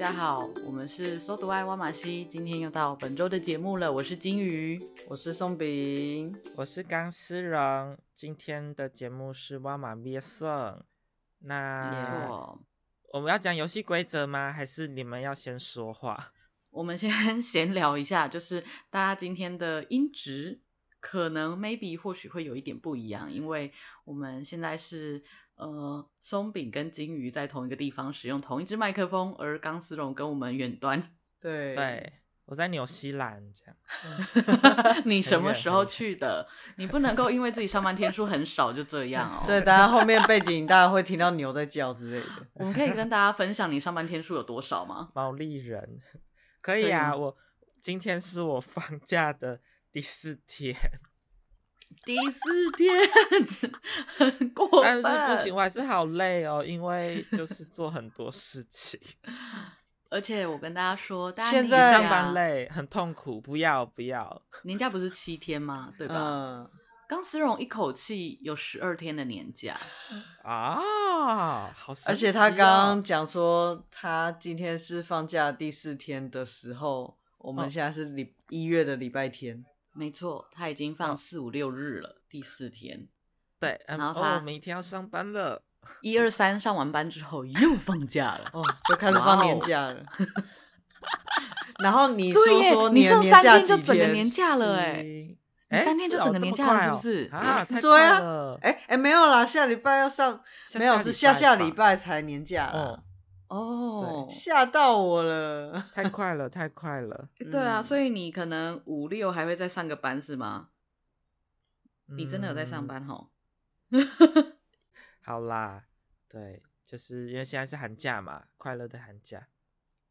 大家好，我們是 So Do I 哇嘛希，今天又到本周的節目了。我是金魚，我是鬆餅，我是剛斯人。今天的節目是哇嘛咩玩，那、哦、我們要講遊戲規則嗎？還是你們要先說話？我們先閒聊一下，就是大家今天的音質可能 maybe 或許會有一點不一樣，因為我們現在是。呃，鬆餅跟金魚在同一個地方使用同一隻麥克風，而鋼絲絨跟我們遠端對對，我在紐西蘭，這樣 你什麼時候去的？ 你不能夠因為自己上班天數很少就這樣哦、喔。所以大家後面背景大家會聽到牛在叫之類的。 我們可以跟大家分享你上班天數有多少嗎？毛利人可以啊，我今天是我放假的第四天。 第四天很過，但是不行，我還是好累哦，因為就是做很多事情。 而且我跟大家說，大家現在上班累，很痛苦，不要不要。年假不是七天嗎？對吧？嗯。剛思榮一口氣有十二天的年假啊，好啊！而且他剛剛講說，他今天是放假第四天的時候，嗯、我們現在是禮一月的禮拜天。沒錯，他已經放四五六日了，第四天。對，然後他每天要上班了，一二三上完班之後又放假了， 哦，就開始放年假了。哦、 然後你說說對耶，你剩三天就整個年假了耶，哎，欸、你三天就整個年假了，是不是？是、哦快哦、啊？太了 對呀、啊，哎、欸、哎、欸，沒有啦，下禮拜要上下下禮拜，沒有，是下下禮拜才年假。哦哦、對，嚇到我了！ 太快了，太快了！ 對啊、嗯，所以你可能五六還會再上個班是嗎？嗯、你真的有在上班哦。 好啦，對，就是因為現在是寒假嘛，快樂的寒假。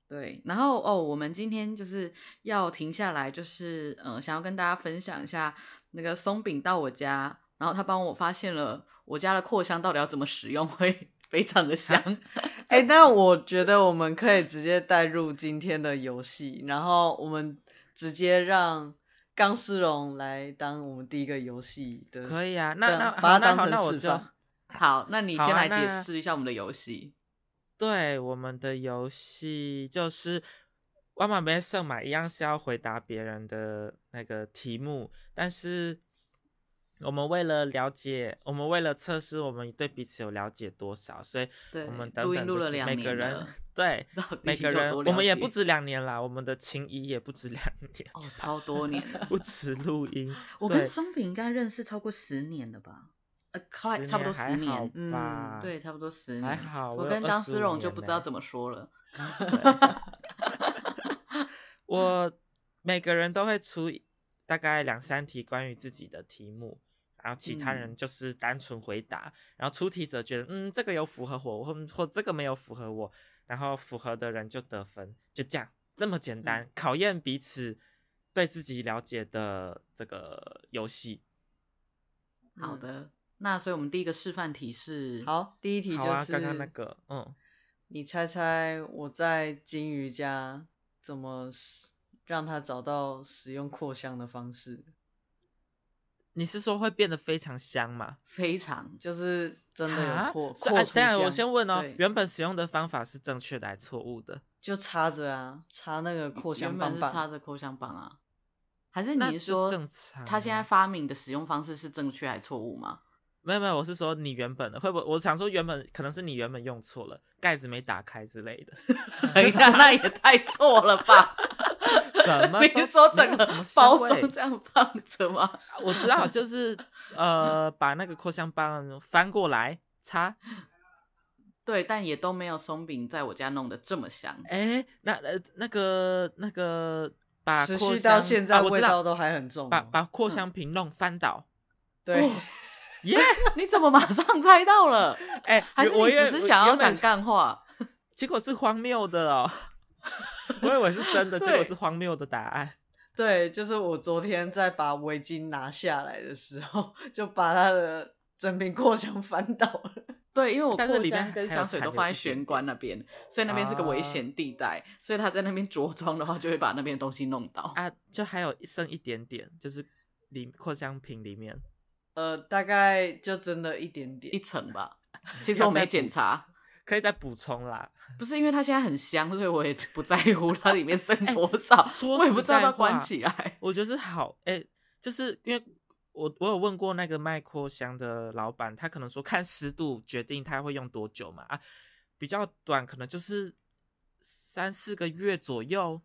對，然後哦，我們今天就是要停下來，就是嗯，想要跟大家分享一下那個鬆餅到我家，然後他幫我發現了我家的擴香到底要怎麼使用會、欸。非常的香， 哎、欸，那我覺得我們可以直接帶入今天的遊戲，然後我們直接讓鋼絲絨來當我們第一個遊戲的。可以啊，那那把它當成時裝。好，那你先來解釋一下我們的遊戲、啊。對，我們的遊戲就是哇嘛咩玩嘛，一樣是要回答別人的那個題目，但是。我們為了了解，我們為了測試，我們對彼此有了解多少，所以我們等等就是每個人對，錄錄對每個人，我們也不止兩年了，我們的情誼也不止兩年哦，超多年， 不止錄音。 我跟鬆餅應該認識超過十年了吧？快差不多十年吧、嗯，對，差不多十年。還好，我跟張思榮就不知道怎麼說了。我、欸、 我每個人都會出大概兩三題關於自己的題目。然後其他人就是單純回答，嗯，然後出題者覺得，嗯，這個有符合我，或或這個沒有符合我，然後符合的人就得分，就這樣，這麼簡單，嗯，考驗彼此對自己了解的這個遊戲。好的，那所以我們第一個示範題是，好，第一題就是、啊、剛剛那個，嗯，你猜猜我在金魚家怎麼使讓他找到使用擴香的方式。你是說會變得非常香嗎？非常，就是真的有擴、啊、擴、啊、等下我先問哦，原本使用的方法是正確的還是錯誤的？就插着啊，插那個擴香棒，棒，原本是插着擴香棒啊？還是你是說，他現在發明的使用方式是正確還是錯誤嗎？沒有沒有，我是說你原本的，會不會？我想說原本可能是你原本用錯了，蓋子沒打開之類的。 等一下，那也太錯了吧？ 怎麼？你說整個這 什麼包裝這樣放着嗎？ 我知道，就是呃，把那個擴香棒翻過來插。對，但也都沒有鬆餅在我家弄得這麼香。哎、欸，那呃，那個那個把，把擴香到現在味道都還很重、啊。把把擴香瓶弄翻倒。嗯、對，耶、哦！Yeah! 你怎麼馬上猜到了？哎、欸，還是我只是想要講幹話，結果是荒謬的哦。我以為是真的，結果是荒謬的答案。 對，就是我昨天在把圍巾拿下來的時候，就把他的整瓶擴香翻倒了。對，因為我擴香跟香水都放在玄關那邊，點點，所以那邊是個危險地帶，啊，所以他在那邊着裝的話，就會把那邊東西弄倒。啊，就還有一剩一點點，就是裡擴香瓶裡面，呃，大概就真的一點點，一層吧。其實我沒檢查。 可以再補充啦，不是因為它現在很香，所以我也不在乎它裡面剩多少。所以、 欸、我也不知道它關起來。我覺得是好，哎、欸，就是因為我我有問過那個賣擴香的老闆，他可能說看濕度決定他會用多久嘛啊，比較短可能就是三四個月左右。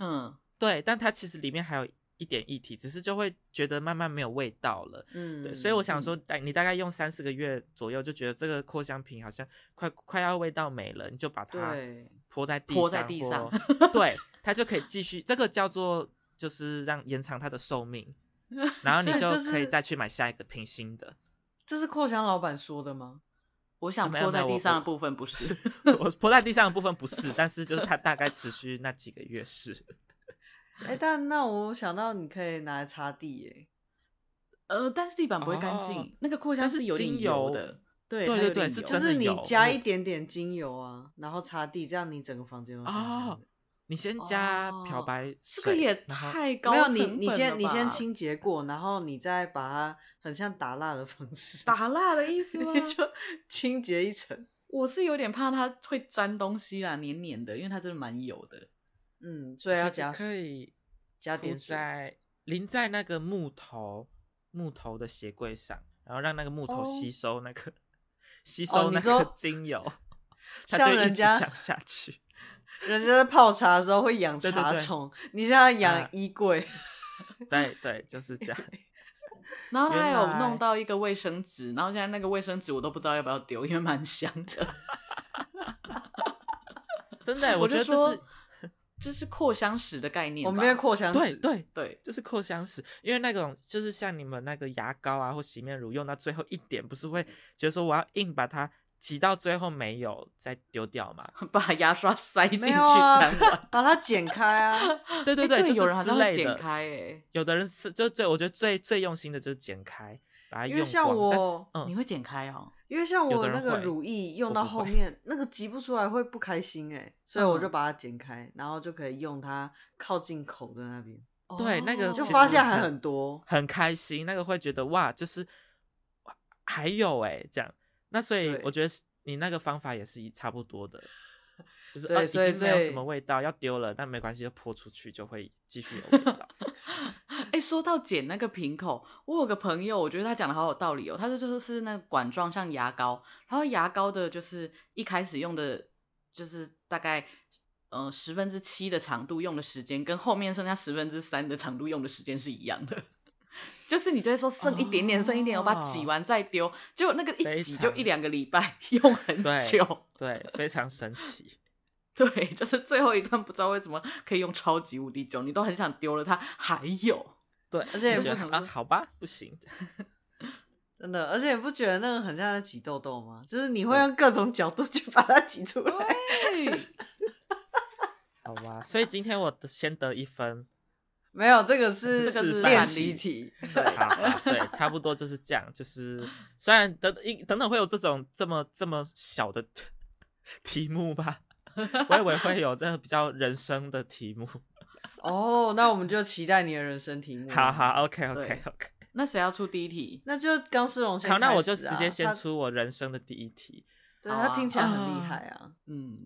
嗯，對，但它其實裡面還有，一點一提，只是就會覺得慢慢沒有味道了。嗯，對，所以我想說，大、嗯、你大概用三四個月左右，就覺得這個擴香瓶好像快快要味道沒了，你就把它對潑在地上，潑在地上，潑在地上，對，它就可以繼續。這個叫做就是讓延長它的壽命，然後你就可以再去買下一個瓶新的。這是擴香老闆說的嗎？我想、啊、潑在地上的部分不是，是，我潑在地上的部分不是， 但是就是它大概持續那幾個月是。哎、欸，但那我想到你可以拿來擦地，耶，呃，但是地板不會乾淨、哦。那個擴香是有精油的，對對對，是的。就是你加一點點精油啊，然後擦地，嗯、這樣你整個房間都啊。你先加漂白水、哦、是不是也太高了？沒有，你你先你先清潔過，然後你再把它，很像打蠟的方式。打蠟的意思嗎？ 就清潔一層。我是有點怕它會粘東西啊，黏黏的，因為它真的蠻油的。嗯，所以要加可以，可以加點在淋在那個木頭木頭的鞋櫃上，然後讓那個木頭吸收那個、哦、吸收那個精油，哦、它就一直想下去人。像人家在泡茶的時候會養茶蟲， 你就要養衣櫃、啊。對對，就是這樣。 然後還有弄到一個衛生紙，然後現在那個衛生紙我都不知道要不要丟，因為蠻香的。 真的、欸，我覺得這是。 這是擴香石的概念，我們沒有擴香石，對對對，就是擴香石。因為那種就是像你們那個牙膏啊或洗面乳用到最後一點，不是會覺得說，我要硬把它擠到最後沒有再丟掉嗎？把牙刷塞進去，啊、 把它剪開啊！ 對對對，對就是之類的、有人還是會。剪開誒、欸，有的人是就最我覺得最最用心的就是剪開，把它用完。因為像我，嗯，你會剪開哦。因為像我那個乳液用到後面那個擠不出來會不開心哎、欸嗯，所以我就把它剪開，然後就可以用它靠近口的那邊、哦。對，那個就發現還很多很，很開心。那個會覺得哇，就是還有哎、欸，這樣。那所以我覺得你那個方法也是一差不多的。就是其實沒有什麼味道，要丟了，但沒關係，就潑出去就會繼續有味道。哎、 欸，說到剪那個瓶口，我有個朋友，我覺得他講的好有道理哦。他就說就是那個管狀像牙膏，然後牙膏的，就是一開始用的，就是大概嗯、呃、十分之七的長度用的時間，跟後面剩下十分之三的長度用的時間是一樣的。就是你就會說剩一點點，哦、剩一點，我把它擠完再丟，就、哦、那個一擠就一兩個禮拜用很久對，對，非常神奇。 對，就是最後一段，不知道為什麼可以用超級無敵久，你都很想丟了它，它還有。對，而且也不覺得,覺得好吧，不行， 真的，而且也不覺得那個很像在擠痘痘嗎？就是你會用各種角度去把它擠出來。 好吧，所以今天我的先得一分。沒有，這個是,是這個、是練習題。對，好好對， 差不多就是這樣。就是雖然等一等等會有這種這麼這麼小的題目吧。 我以為會有那比較人生的題目哦，oh, 那我們就期待你的人生題目。好好，OK OK OK。那誰要出第一題？那就剛絲榮先、啊。好，那我就直接先出我人生的第一題。對，他聽起來很厲害啊，啊。嗯，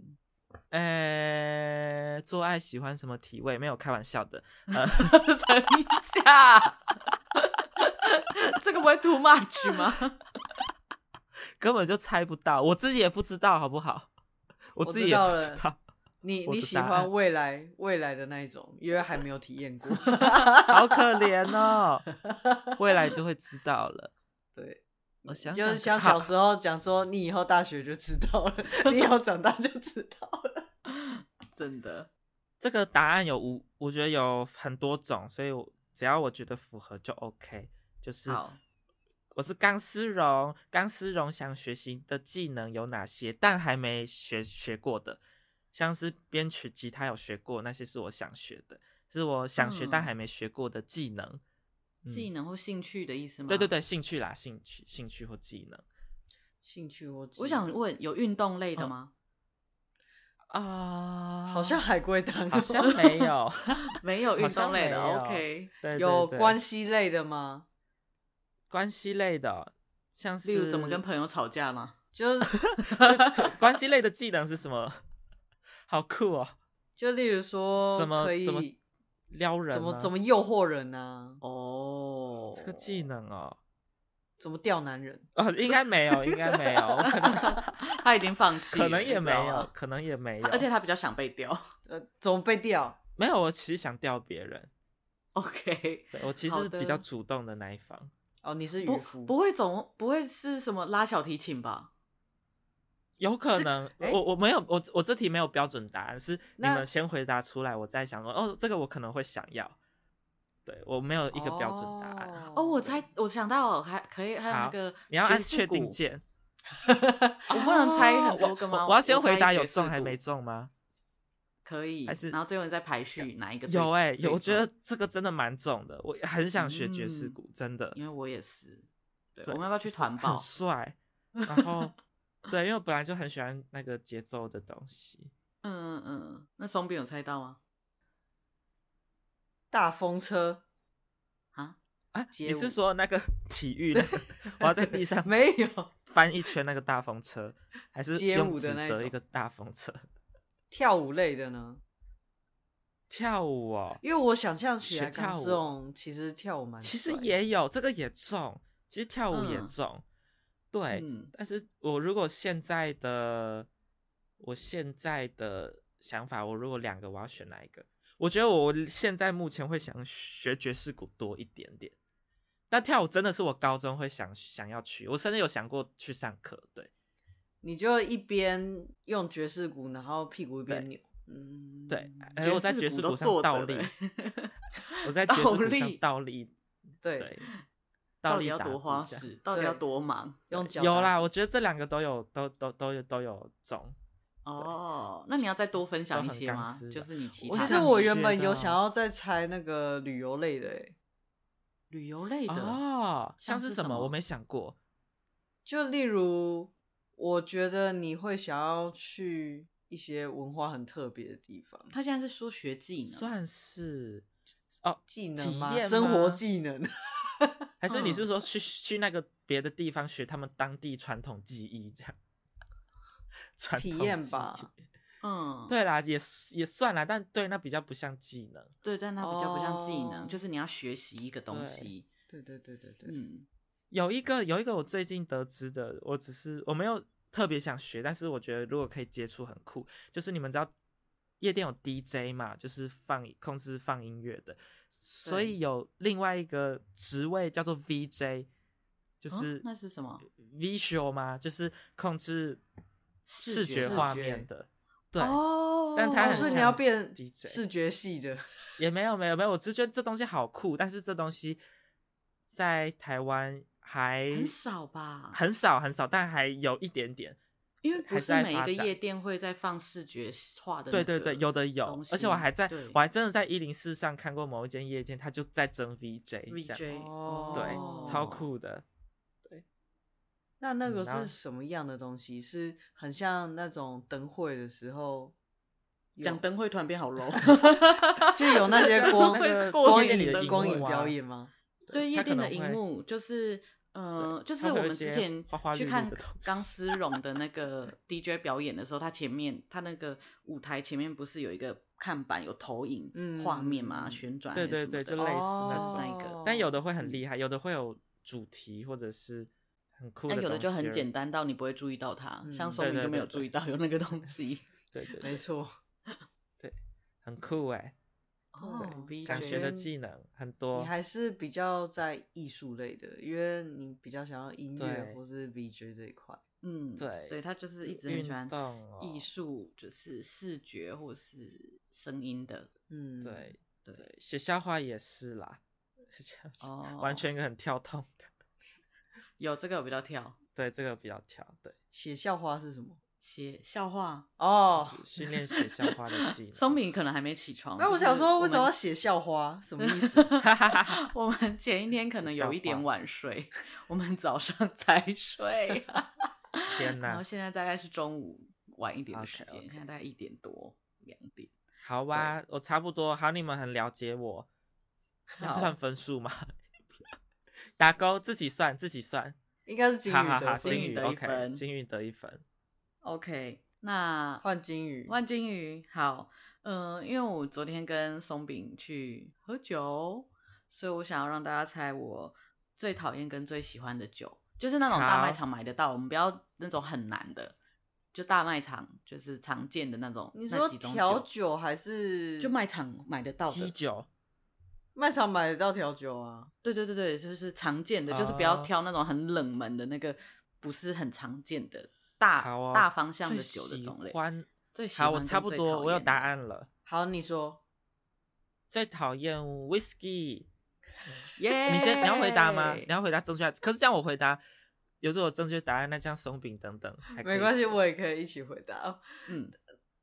哎、欸，做愛喜歡什麼體位？沒有開玩笑的。呃、 等一下， 這個不會 too much 嗎？ 根本就猜不到，我自己也不知道，好不好？我自己也不知道，知道了，你你喜歡未來未來的那一種，因為還沒有體驗過， 好可憐哦。未來就會知道了，對，我想，想就是像小時候講說，你以後大學就知道了，你以後長大就知道了，真的。這個答案有五，我覺得有很多種，所以我只要我覺得符合就 OK，就是。好我是剛絲絨，鋼絲絨想學習的技能有哪些？但還沒學學過的，像是編曲、吉他有學過，那些是我想學的，是我想學但還沒學過的技能。嗯嗯、技能或興趣的意思嗎？對對對，興趣啦，興趣興趣或技能。興趣我我想問有運動類的嗎？啊、哦，好像還貴的， 沒 的，好像沒有，沒有運動類的。OK，對，有關係類的嗎？關係類的，像是，例如怎麼跟朋友吵架嗎？ 就 關係類的技能是什麼？好酷哦！就例如說，怎麼怎麼撩人，怎麼怎麼誘惑人呢？啊？哦，啊 oh, 這個技能哦，怎麼釣男人？啊、哦，應該沒有，應該沒有， 我可能他已經放棄，可能也沒有，可能也沒有，而且他比較想被釣。呃，怎麼被釣？ 沒有，我其實想釣別人。OK，對，我其實是比較主動的那一方。哦，你是漁夫不，不會總不會是什麼拉小提琴吧？有可能，欸、我我沒有，我我這題沒有標準答案，是你們先回答出來，我再想說。哦，這個我可能會想要，對，我沒有一個標準答案。哦，哦，我猜，我想到了，還可以，還有那個，你要按確定鍵。啊、 我不能猜很多個嗎？啊、我，我要先回答有中還沒中嗎？可以，還是然後最後你再排序哪一個？有哎、欸，我覺得這個真的蠻重的，我很想學爵士鼓。嗯，真的，因為我也是。對，對我們要不要去團報？就是、很帥，然後 對，因為我本來就很喜歡那個節奏的東西。嗯嗯嗯，那鬆餅有猜到嗎？大風車啊？哎，你是說那個體育的、那個，我要在地上沒有翻一圈那個大風車，還是用紙折一個大風車？跳舞類的呢？跳舞哦，因為我想象起來，學跳舞，其實跳舞蠻，其實也有，這個也重，其實跳舞也重，嗯、對、嗯。但是我如果現在的我現在的想法，我如果兩個我要選哪一個？我覺得我現在目前會想學爵士鼓多一點點。但跳舞真的是我高中會想想要去，我甚至有想過去上課，對。你就一邊用爵士鼓，然後屁股一邊扭，嗯，對，然後我在爵士鼓上倒立，我在爵士鼓上倒立， 倒立對，對，到底要多花式？到底要多忙用腳？有啦，我覺得這兩個都有，都都都有都有種。哦，那你要再多分享一些嗎？就是你其其實我原本有想要再猜那個旅遊類，類的，旅遊類的哦，像，像是什麼？我沒想過，就例如。我覺得你會想要去一些文化很特別的地方。他現在是說學技能，算是，哦，技能嗎？體驗生活技能， 還是你是說去、嗯、去那個別的地方學他們當地傳統技藝這樣？體驗吧傳，嗯，對啦，也也算啦，但對那比較不像技能，對，但它比較不像技能，哦，就是你要學習一個東西，對對對對對，對，嗯。有一個有一個我最近得知的，我只是我沒有特別想學，但是我覺得如果可以接觸很酷。就是你們知道，夜店有 DJ 嘛，就是放控制放音樂的，所以有另外一個職位叫做 VJ。就是那是什麼？Visual 嗎？就是控制視覺畫面的。對，哦，但他所以你要變 DJ 視覺系的也沒有沒有沒有，我只是覺得這東西好酷，但是這東西在台灣。還很少吧，很少很少，但還有一點點，因為不是每一個夜店會在放視覺化的，對對對，有的有，而且我還在我還真的在104上看過某一間夜店，他就在徵 VJ，VJ。對、哦，超酷的，對。那那個是什麼樣的東西？嗯、是很像那種燈會的時候，講燈會突然變好 low， 就有那些光、就是、點點的光影的光影表演嗎？對夜店的熒幕，就是呃花花綠綠，呃，就是我們之前去看鋼絲絨的那個 DJ 表演的時候，他 前面，他那個舞台前面不是有一個看板，有投影畫面嘛，嗯，旋轉，對對對，就類似，就是那一個。但有的會很厲害，嗯，有的會有主題，或者是很酷的。但有的就很簡單到你不會注意到它，嗯，像松米說我們都沒有注意到有那個東西。對對，對,對，沒錯，對，很酷哎，欸。哦，BJ，想學的技能很多。你還是比較在藝術類的，因為你比較想要音樂或是 B J 這一塊。嗯，對，對，他就是一直運動藝、哦、術，就是視覺或是聲音的。嗯，對，對，寫笑話也是啦、哦，完全一個很跳動的。有這個我比較跳，對，這個比較跳。對，寫笑話是什麼？寫笑話哦，訓練寫笑話的技能。 鬆餅可能還沒起床。 那我想說為什麼要寫笑話？什麼意思？ 我們前一天可能有一點晚睡，我們早上才睡。 天哪！然後現在大概是中午晚一點的時間，okay, okay. 現在大概一點多、兩點。好吧，我差不多。好，你們很了解我。要算分數嗎？ 打勾自己算，自己算。應該是金魚好,好,好金魚得一金魚得一分。Okay, OK，那換金魚，換金魚，好，嗯，因為我昨天跟鬆餅去喝酒，所以我想要讓大家猜我最討厭跟最喜歡的酒，就是那種大賣場買得到，我們不要那種很難的，就大賣場就是常見的那種。你說調酒還是就賣場買得到的基酒？賣場買得到調酒啊？對對對對，就是常見的，就是不要挑那種很冷門的那個，不是很常見的。大、哦、大方向的酒的種類，最喜歡、最喜歡最。好，我差不多，我有答案了。好，你說。最討厭 whiskey，耶！你先，你要回答嗎？你要回答正確。可是這樣我回答，有時候我正確答案那像鬆餅等等，沒關係，我也可以一起回答。嗯，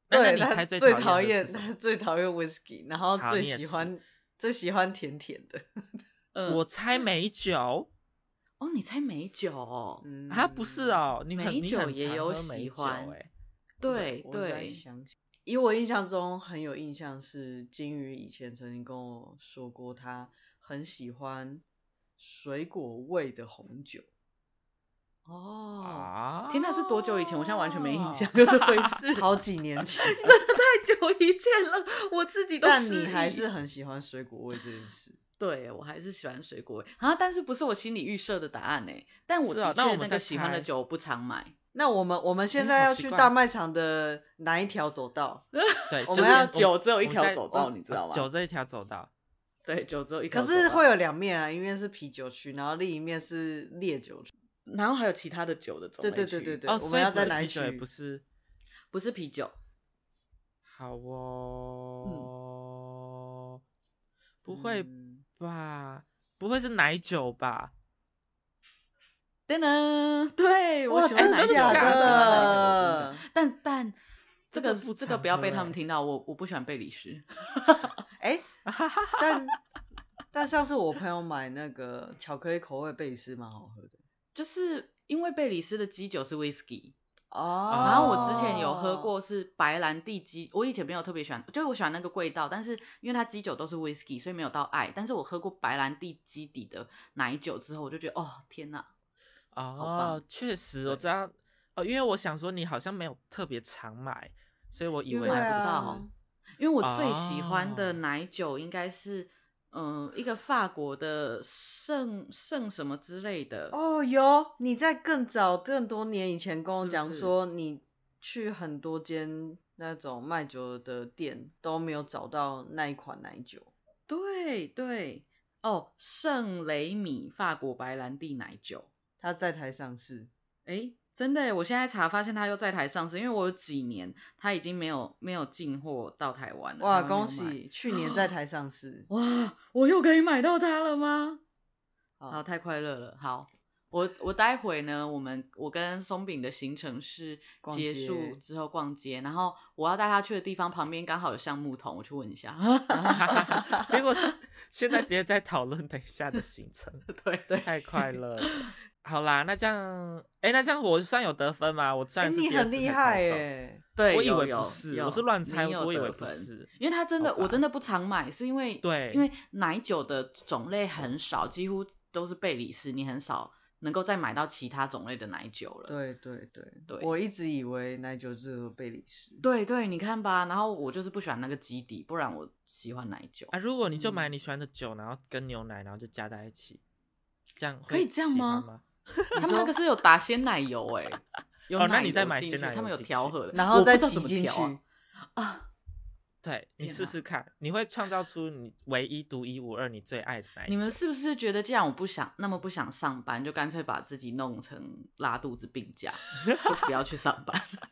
但那你猜最討厭是他最討厭，最討厭 whisky 然後最喜歡，最喜歡甜甜的。嗯，我猜美酒。嗯哦，你猜美酒、哦嗯？啊，不是哦，你美酒也，你也有喜歡、欸、對我對，以我印象中很有印象是金魚以前曾經跟我說過，他很喜歡水果味的紅酒。哦、啊、天哪，那是多久以前？我現在完全沒印象，有這回事？ 好幾年前， 真的太久以前了，我自己都。但你還是很喜歡水果味這件事。對，我還是喜歡水果啊，但是不是我心裡預設的答案呢？但我的確、啊、那，那個喜歡的酒我不常買。那我們我們現在要去大賣場的哪一條走道？欸、 對，我們要、就是、酒只有一條走道，你知道嗎？啊、酒這一條走道，對，酒只有一條。可是會有兩面啊，一面是啤酒區，然後另一面是烈酒區，然後還有其他的酒的走道。對對對對對，哦、我們要在哪一區？不是不是啤酒。好哦，嗯、不會。嗯哇，不會是奶酒吧？噠噠。對，對我,、欸、我喜歡奶酒，但但這個不，這個不要被他們聽到，我我不喜歡貝里斯。哎、 欸啊，但但上次我朋友買那個巧克力口味貝里斯蠻好喝的，就是因為貝里斯的基酒是威士忌哦、oh,，然後我之前有喝過是白蘭地基，oh. 我以前沒有特別喜歡，就是我喜歡那個味道，但是因為它基酒都是 whisky，所以沒有到愛。但是我喝過白蘭地基底的奶酒之後，我就覺得哦，天哪！哦、oh,，確實我知道，哦，因為我想說你好像沒有特別常買，所以我以為買不到、啊。因為我最喜歡的奶酒應該是。嗯，一個法國的聖聖什麼之類的哦。有你在更早更多年以前跟我講說是是，你去很多間那種賣酒的店都沒有找到那一款奶酒，對對哦，聖雷米法國白蘭地奶酒，它在台上是。誒真的，我現在查發現他又在台上市，因為我有幾年他已經沒有沒有進貨到台灣了。哇，恭喜！去年在台上市，哇，我又可以買到它了嗎？哦，好，太快樂了！好，我我待會呢，我們我跟鬆餅的行程是結束之後逛街，然後我要帶他去的地方旁邊剛好有橡木桶，我去問一下。 然後 結果現在直接在討論等一下的行程， 對對對， 太快樂了。好啦，那這樣，哎，那這樣我算有得分嗎？我算是、欸、你很厲害耶。對，我以為不是，我是亂猜，我以為不是，因為他真的，我真的不常買，是因為對，因為奶酒的種類很少，幾乎都是貝里斯，你很少能夠再買到其他種類的奶酒了。對對對對，我一直以為奶酒是貝里斯。對，對對，你看吧，然後我就是不喜歡那個基底，不然我喜歡奶酒啊。如果你就買你喜歡的酒、嗯，然後跟牛奶，然後就加在一起，這樣可以這樣嗎？ 他們那個是有打鮮奶油哎、欸，有奶油進去、哦、去，他們有調和的，然後再擠進去麼調、啊啊、對你試試看、啊，你會創造出你唯一獨一無二你最愛的奶油。你們是不是覺得，既然我不想那麼不想上班，就乾脆把自己弄成拉肚子病假，就不要去上班？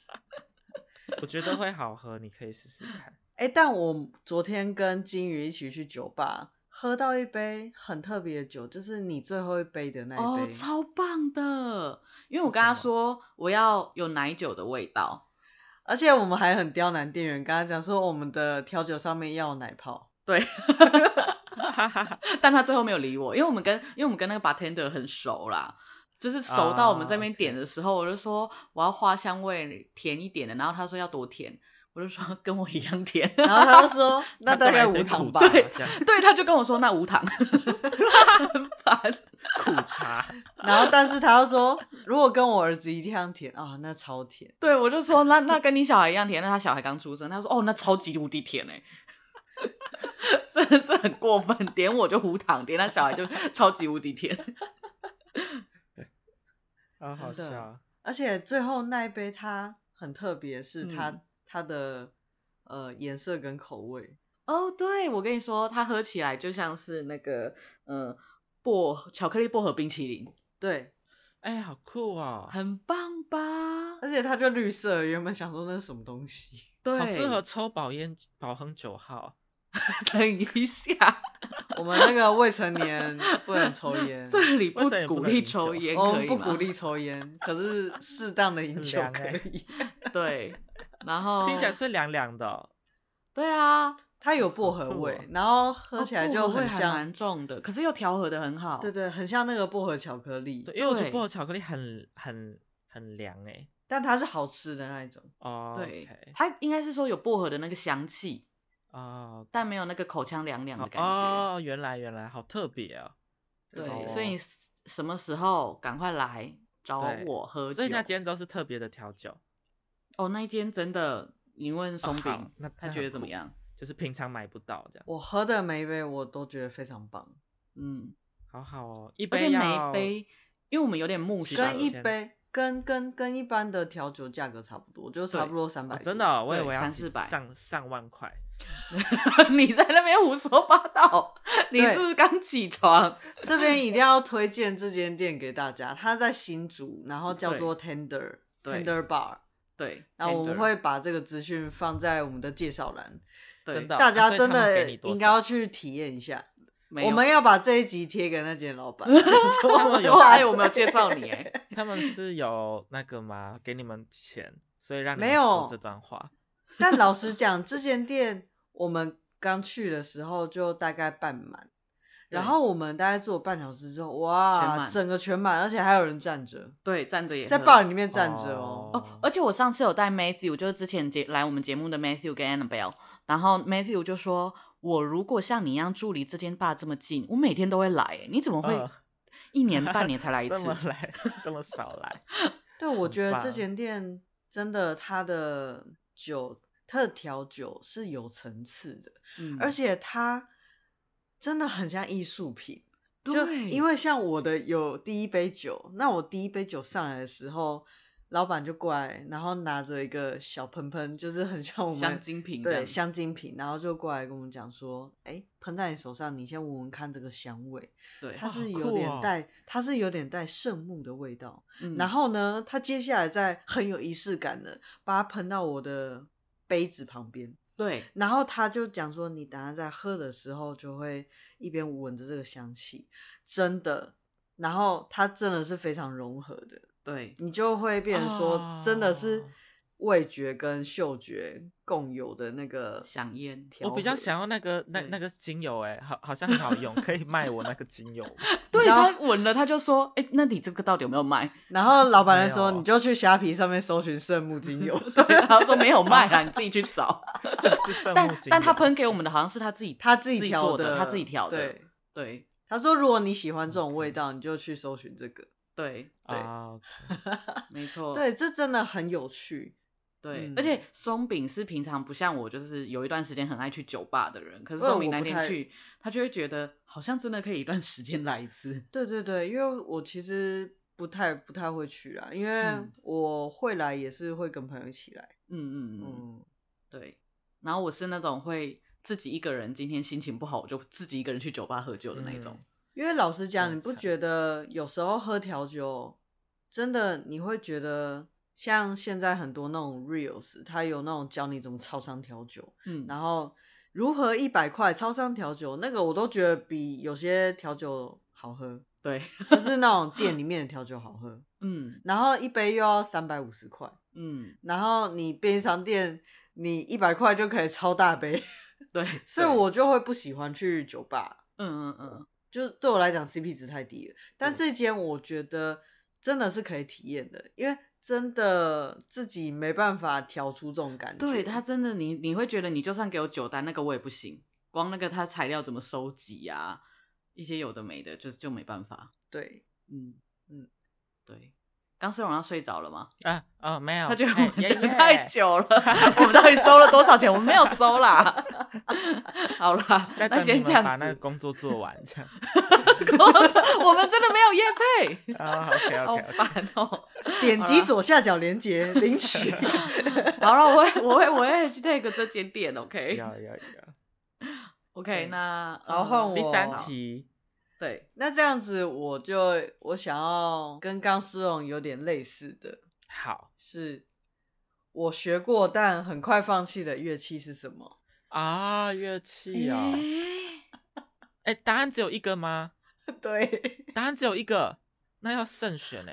我覺得會好喝，你可以試試看。哎、欸，但我昨天跟金魚一起去酒吧。喝到一杯很特別的酒，就是你最後一杯的那一杯。哦，超棒的。因為我跟他說我要有奶酒的味道，而且我們還很刁難店員，跟他講說我們的調酒上面要奶泡。對， 但他最後沒有理我，因為我們跟因為我們跟那個 bartender 很熟啦，就是熟到我們在那邊點的時候，哦，我就說我要花香味甜一點的，哦 okay，然後他說要多甜。我就說跟我一樣甜，然後他就說 那大概無糖吧，吧對。對，他就跟我說那無糖， 很煩苦茶。然後，但是他又說如果跟我兒子一樣甜啊、哦，那超甜。對，我就說那那跟你小孩一樣甜。那他小孩剛出生， 他說哦，那超級無敵甜呢、欸。 真的是很過分。點我就無糖，點那小孩就超級無敵甜。啊、 哦，好笑、啊！而且最後那一杯他很特別，是他、嗯。它的呃顏色跟口味哦，oh, 對我跟你說，它喝起來就像是那個呃薄巧克力薄荷冰淇淋，對，哎、欸，好酷哦，很棒吧？而且它就綠色，原本想說那是什麼東西，對，好適合抽寶煙寶亨九號。 等一下， 我們那個未成年不能抽煙，這裡不鼓勵抽煙、哦，不鼓勵抽煙， 可是適當的飲酒可以， 對。然後聽起來是涼涼的、喔，對啊，它有薄荷味，啊、然後喝起來就很像蠻、哦、重的，可是又調和的很好，對，對對，很像那個薄荷巧克力。對對，因為我覺得薄荷巧克力很很很涼哎，但它是好吃的那一種哦。Oh, okay. 對，它應該是說有薄荷的那個香氣哦。Oh, 但沒有那個口腔涼涼的感覺哦，oh, 原來原來，好特別哦、喔。對，oh. 所以你什麼時候趕快來找我喝酒？所以那今天都是特別的調酒。哦，那一間真的，你問鬆餅、哦，那他覺得怎麼樣？就是平常買不到這樣。我喝的每一杯我都覺得非常棒，嗯，好好哦。一杯每一杯，因為我們有點慕強，跟一杯跟跟跟一般的調酒價格差不多，就差不多三百、哦。真的、哦，我以為要三四百、上上萬塊。你在那邊胡說八道，你是不是剛起床？這邊一定要推薦這間店給大家，它在新竹，然後叫做 Tender Tender Bar。對，那我們會把這個資訊放在我們的介紹欄。真的，大家真的、啊、應該要去體驗一下。我們要把這一集貼給那間老板。他 們說：“哎，我沒有介紹你。”他們是有那個嗎？給你們錢，所以讓你們說這段話。沒有，但老實講，這間店我們剛去的時候就大概半滿，然後我們大概坐半小時之後，哇，整個全滿，而且還有人站着。對，站着也在霸裡面站着哦。哦哦，而且我上次有帶 Matthew，就是之前節來我們節目的 Matthew 跟 Annabelle，然後 Matthew 就說：“我如果像你一樣住離這間 bar 這麼近，我每天都會來。你怎麼會一年半年才來一次？ 這麼來，這麼少來？ 對，我覺得這間店真的，它的酒，它的調酒是有層次的，嗯，而且它真的很像藝術品。對，就因為像我的有第一杯酒，那我第一杯酒上來的時候。”老闆就過來，然後拿着一個小噴噴，就是很像我們香精瓶，對香精瓶，然後就過來跟我們講說，哎、欸，噴在你手上，你先聞聞看這個香味，對，它是有點帶、哦，它是有點帶聖木的味道、嗯。然後呢，他接下來在很有儀式感的，把它噴到我的杯子旁邊，對，然後他就講說，你等下在喝的時候就會一邊聞着這個香氣，真的，然後它真的是非常融合的。對，你就會變成說，真的是味覺跟嗅覺共有的那個香煙調。我比較想要那個那那個精油、欸，哎，好好像很好用， 可以賣我那個精油。對。他聞了，他就說，哎、欸，那你這個到底有沒有賣？然後老板就說、嗯，你就去蝦皮上面搜尋聖木精油。 對，然後說沒有賣啊， 你自己去找。就是 但但他噴給我們的好像是他自己他自己調的，的，他自己調的對。對，他說如果你喜歡這種味道，okay. 你就去搜尋這個。對對，uh, okay. 沒錯，對，這真的很有趣。對，嗯、而且鬆餅是平常不像我，就是有一段時間很愛去酒吧的人，可是鬆餅那天去，他就會覺得好像真的可以一段時間來一次。對對對，因為我其實不太不太會去啊，因為我會來也是會跟朋友一起來。嗯嗯嗯，對。然後我是那種會自己一個人，今天心情不好，我就自己一個人去酒吧喝酒的那種。嗯因為老實講，你不覺得有時候喝調酒，真的你會覺得像現在很多那種 reels，他有那種教你怎麼超商調酒，嗯，然後如何一百塊超商調酒，那個我都覺得比有些調酒好喝，對，就是那種店裡面的調酒好喝， 嗯，然後一杯又要三百五十塊，嗯，然後你便利商店你一百塊就可以超大杯，對，對，所以我就會不喜歡去酒吧，嗯嗯嗯。就是對我來講 CP 值太低了，但這間我覺得真的是可以體驗的，因為真的自己沒辦法調出這種感覺。對，他真的，你你會覺得你就算給我九單那個我也不行，光那個他材料怎麼收集呀、啊，一些有的沒的就，就就沒辦法。對，嗯嗯，對。剛絲絨要睡着了嗎？啊、uh, 啊、oh, 沒有，他覺得講太久了。Yeah, yeah. 我們到底收了多少錢？ 我們沒有收啦。 好啦，那先這樣把那個工作做完，這樣工作 我們真的沒有業配啊，OK OK OK，點擊左下角鏈接領取。 好了，我我會我會去 take 這間店，OK。有有有，OK 那、嗯、然後第三題。對，那這樣子我就我想要跟剛剛說的有點類似的，好，是我學過但很快放棄的樂器是什麼？啊，樂器啊！哎、欸 欸，答案只有一個嗎？對，答案只有一個，那要慎選嘞、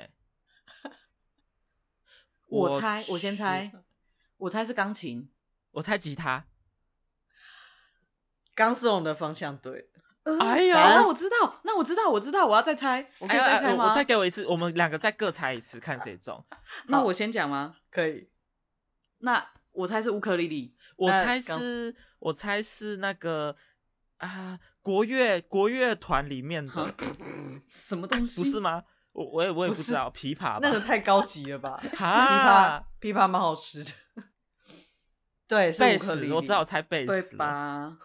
欸。 我猜，我先猜， 我猜是鋼琴，我猜吉他，鋼是我們的方向對。呃、哎呀、欸啊，那我知道，那我知道，我知道，我要再猜，我再猜、哎哎、我，我再給我一次， 我們兩個再各猜一次，看誰中、 哦。那我先講嗎？可以。那。我猜是烏克麗麗、呃，我猜是，我猜是那個啊、呃，國樂國樂團裡面的什麼東西。啊，不是嗎？我我也我也不知道，琵琶吧，那個太高級了吧？哈、 啊，琵琶琵琶蠻好吃的。 對，貝斯我知道，猜貝斯吧？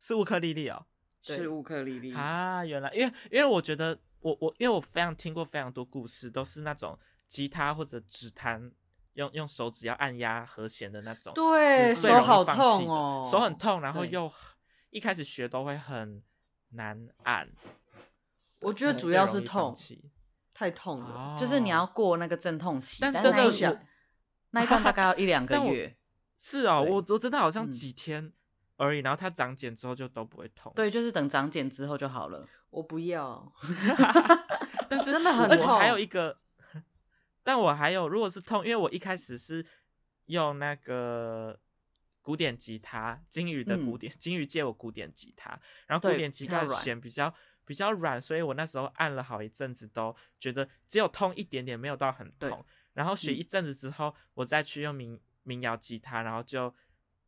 是烏克麗麗哦，是烏克麗麗啊！原來，因為因為我覺得我我因為我非常聽過非常多故事，都是那種吉他或者指彈。用用手指要按壓和弦的那種，對，手好痛哦，手很痛，然後又一開始學都會很難按。我覺得主要是痛，太痛了，oh, 就是你要過那個陣痛期。但真的但那，那一段大概要一兩個月。是哦，我我真的好像幾天而已，然後它長繭之後就都不會痛。嗯、對，就是等長繭之後就好了。我不要， 但是真的很痛。還有一個。但我還有，如果是痛，因為我一開始是用那個古典吉他，金魚的古典，嗯、金魚借我古典吉他，然後古典吉他弦比較比較軟，所以我那時候按了好一陣子，都覺得只有痛一點點，沒有到很痛。然後學一陣子之後，我再去用民民謠吉他，然後就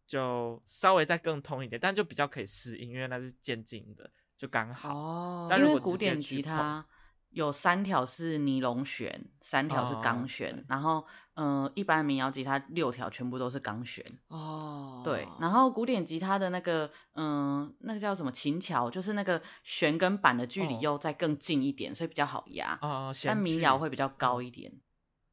就稍微再更痛一點，但就比較可以適應，因為那是漸進的，就剛好、哦。但如果古典吉他。有三條是尼龍弦，三條是鋼弦。Oh, okay. 然後，嗯、呃，一般民謠吉他六條全部都是鋼弦哦。Oh. 對，然後古典吉他的那個，嗯、呃，那個叫什麼琴橋，就是那個弦跟板的距離又再更近一點，oh. 所以比較好壓 oh, oh, 但民謠會比較高一點。Oh. 嗯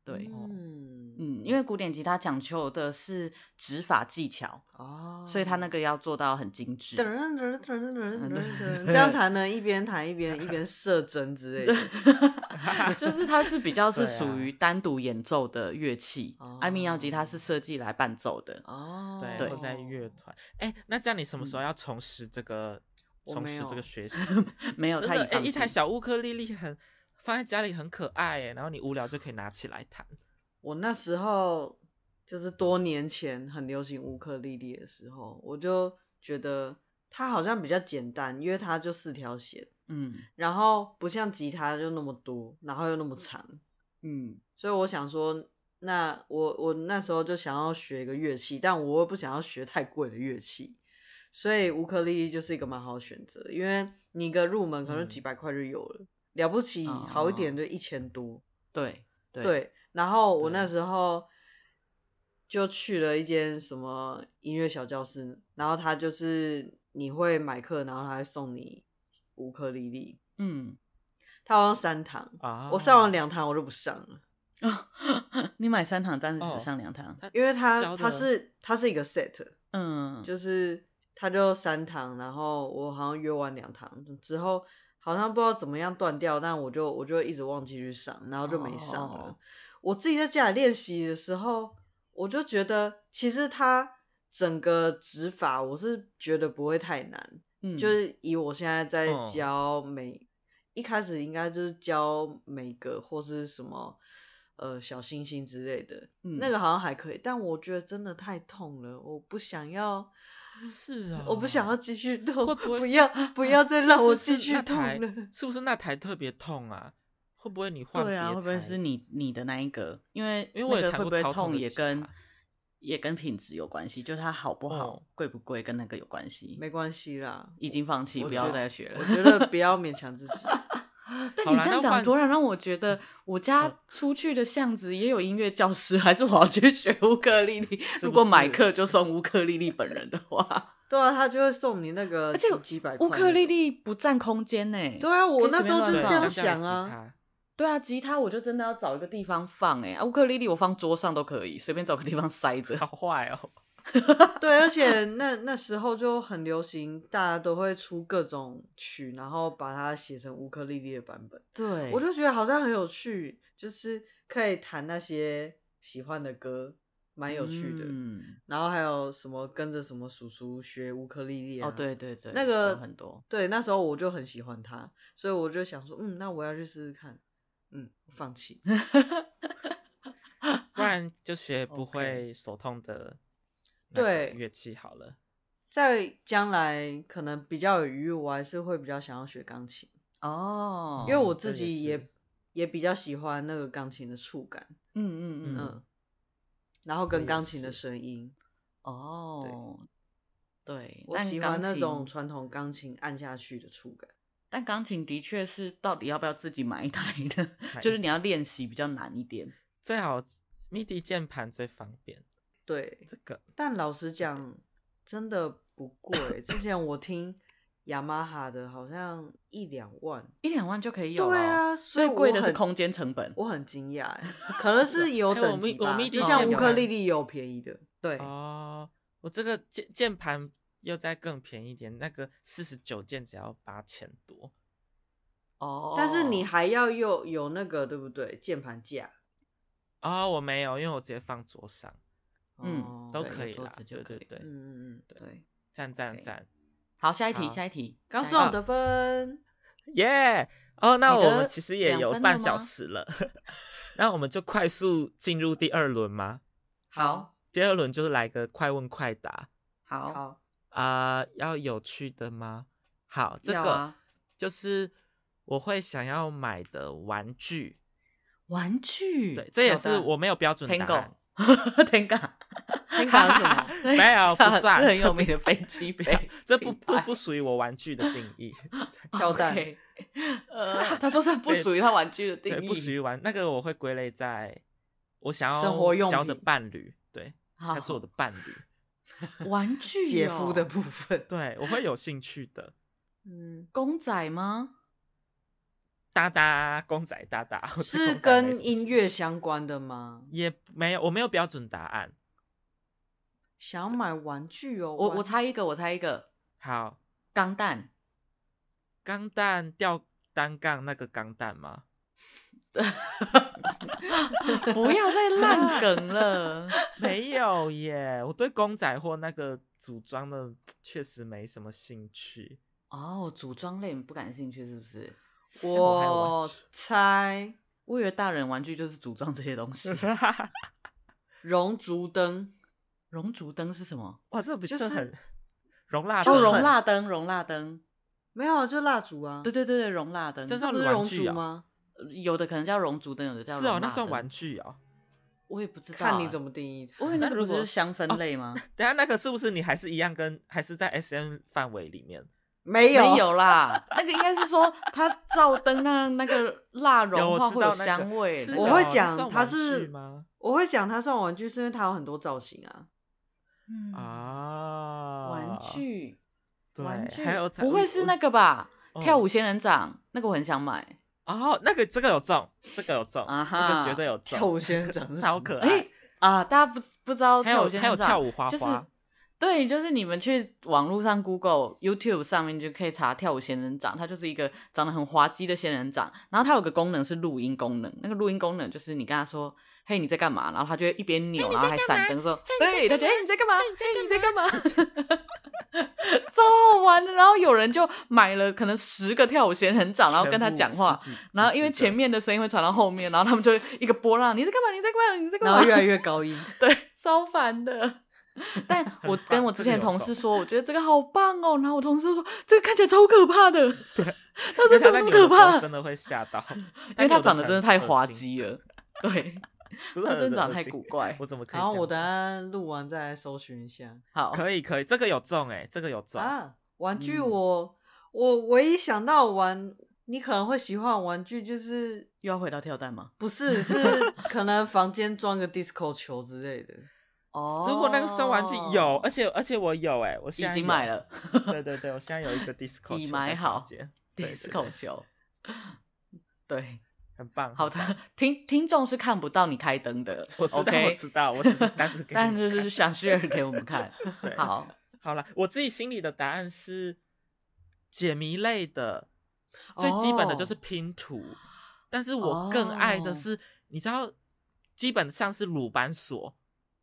對，嗯，嗯，因為古典吉他講求的是指法技巧哦，所以他那個要做到很精致，這樣才能一邊彈一邊一邊射針之類的， 就是它是比較是屬於單獨演奏的樂器。啊啊、民謠吉他是設計來伴奏的哦，對，對在樂團。哎、欸，那這樣你什麼時候要重拾這個？嗯、重拾這個學習？沒有， 沒有，真、欸、一台小烏克麗麗很。放在家裡很可愛誒、欸，然後你無聊就可以拿起來彈。我那時候就是多年前很流行烏克麗麗的時候，我就覺得它好像比較簡單，因為它就四條弦，嗯，然後不像吉他就那麼多，然後又那麼長，嗯，所以我想說，那我我那時候就想要學一個樂器，但我又不想要學太貴的樂器，所以烏克麗麗就是一個蠻好的選擇，因為你一個入門可能幾百塊就有了。嗯了不起，好一點、oh, 就一千多。Oh, 對對，對，然後我那時候就去了一間什麼音樂小教室，然後他就是你會買課，然後他會送你烏克麗麗。嗯，他好像三堂，oh. 我上完兩堂我就不上了。 你買三堂，但是只上兩堂，oh. 因為他他是他是一個 set，嗯、oh.，就是他就三堂，然後我好像約完兩堂之後。好像不知道怎麼樣斷掉，但我就我就一直忘記去上，然後就沒上了。好好好好。我自己在家裡練習的時候，我就覺得其實它整個指法我是覺得不會太難，嗯、就是以我現在在教每、哦、一開始應該就是教每個或是什麼呃小星星之類的、嗯，那個好像還可以，但我覺得真的太痛了，我不想要。是啊、哦，我不想要繼續痛，會不，會不要、啊、不要再讓我繼續痛了。是不是那台，是不是那台特別痛啊？會不會你換？對啊，會不會是你你的那一個，因為因為我覺得會不會痛也跟也，痛、啊、也跟品質有關係，就是它好不好、貴不貴跟那個有關係。沒關係啦，已經放棄，不要再學了。我覺得不要勉強自己。 但你這樣講，突然讓我覺得我家出去的巷子也有音樂教室，還是我要去學烏克麗麗？如果買課就送烏克麗麗本人的話，對啊，他就會送你那個那，而且幾百塊烏克麗麗不占空間呢、欸。對啊，我那時候就是這樣想啊。對啊，吉他我就真的要找一個地方放哎、欸，啊、烏克麗麗我放桌上都可以，隨便找個地方塞着，好壞哦。 對，而且那那時候就很流行，大家都會出各種曲，然後把它寫成烏克麗麗的版本。對，我就覺得好像很有趣，就是可以彈那些喜歡的歌，蠻有趣的。嗯，然後還有什麼跟着什麼叔叔學烏克麗麗的哦，對對對，那個很多。對，那時候我就很喜歡他，所以我就想說，嗯，那我要去試試看。嗯，放棄， 不然就學不會手痛的、okay。對，那個樂器好了，在將來可能比較有餘裕，我還是會比較想要學鋼琴哦，因為我自己也也，也比較喜歡那個鋼琴的觸感，嗯嗯嗯嗯，然後跟鋼琴的聲音哦，對，我喜歡那種傳統鋼琴按下去的觸感，但鋼琴的確是到底要不要自己買一台的，台 就是你要練習比較難一點，最好 MIDI 鍵盤最方便。對，這個，但老實講，這個，真的不貴。 之前我聽雅馬哈的，好像一兩萬，一兩萬就可以有。對啊，所以貴的是空間成本，我很驚訝。哎，欸， 可能是有等級，欸。我們就像烏克麗麗有便宜的，哦，對。哦，我這個鍵鍵盤又再更便宜一點，那個四十九鍵只要八千多。哦，但是你還要有有那個對不對？鍵盤架。哦，我沒有，因為我直接放桌上。嗯，都可以啦。對對，對對，嗯嗯嗯，對，讚讚讚，好，下一題，下一題，剛送得分，耶！哦、oh,，yeah! oh, 那我們其實也有半小時了，了 那我們就快速進入第二輪嗎？好，嗯、第二輪就是來個快問快答。好，啊、uh,，要有趣的嗎？好、啊，這個就是我會想要買的玩具，玩具，對，這也是我沒有標準的答案，天狗。 什麼 沒有，不算 是很有名的飛機杯不，這不這不屬於我玩具的定義。 跳蛋，Okay. 呃， 他說是不屬於他玩具的定義，對對，不屬於玩那個，我會歸類在我想要生交的伴侶對，對，他是我的伴侶。 玩具、哦、 姐夫的部分， 對我會有興趣的。嗯，公仔嗎？噠噠，公仔噠噠是仔，是跟音樂相關的嗎？也沒有，我沒有標準答案。想要買玩具哦！我我猜一個，我猜一個。好，鋼彈，鋼彈吊單槓那個鋼彈嗎？ 不要再爛梗了。 沒有耶，我對公仔或那個組裝的確實沒什麼興趣。哦，oh，組裝類不感興趣是不是我？我猜，我以為大人玩具就是組裝這些東西。熔 竹燈。熔燭燈是什麼？哇，這不就是很熔蠟？就熔蠟燈，熔蠟燈沒有，就蠟燭啊。對對對對，熔蠟燈這算是玩具嗎玩具，哦？有的可能叫熔燭燈，有的叫是哦，那算玩具啊，哦？我也不知道，啊，看你怎麼定義。定義嗯、我那，個不是是那如果是香氛類嗎？等下那個是不是你還是一樣跟還是在 SM 範圍裡面？沒有沒有啦， 那個應該是說它照燈讓、啊、 那個蠟融化會有香味。有我會講它是、哦，我會講它算玩具，他玩具他玩具是因為它有很多造型啊。嗯啊，玩具，對，玩具還有不會是那個吧？跳舞仙人掌、哦、那個我很想買哦，那個這個有照，這個有照。贈、啊，這個絕對有照。跳舞仙人掌是，那個、超可愛、欸、啊！大家不不知道跳舞仙人掌，還有還有跳舞花花、就是，對，就是你們去網絡上 Google YouTube 上面就可以查跳舞仙人掌，它就是一個長得很滑稽的仙人掌，然後它有個功能是錄音功能，那個錄音功能就是你跟他說。嘿、hey,，你在幹嘛？然後他就一邊扭，然後還閃燈，說：“對，他覺得：“嘿，你在幹嘛？嘿，你在幹嘛？嘿，你在幹嘛？” 超好玩的。然後有人就買了，可能十個跳舞仙人掌，然後跟他講話，然後因為前面的聲音會傳到後面，然後他們就會一個波浪：“ 你在幹嘛？你在幹嘛？你在幹嘛？”然後越來越高音， 對，超煩的。但我跟我之前的同事說，我覺得這個好棒哦。然後我同事說：“這個看起來超可怕的。”對，他說：“真的可怕，真的會嚇到， 因為他長得真的太滑稽了。 ”對。不真增長太古怪， 我怎麼？然後我等下錄完再來搜尋一下。好，可以可以，這個有中哎、欸，這個有中啊！玩具我、嗯、我唯一想到玩，你可能會喜歡玩具，就是又要回到跳蛋嗎？不是，是可能房間裝個 disco 球之類的。哦， 如果那個生玩具有，而且而且我有哎、欸，我現在已經買了。 對對對，我現在有一個 disco，已買好。disco 球，對。 對很棒，好的，聽聽眾是看不到你開燈的，我知道，okay，我知道，我只是單子， 但就是想 share 給我們看。 對好，好了，我自己心裡的答案是解謎類的，最基本的就是拼圖，oh. 但是我更愛的是，oh. 你知道，基本上是魯班鎖，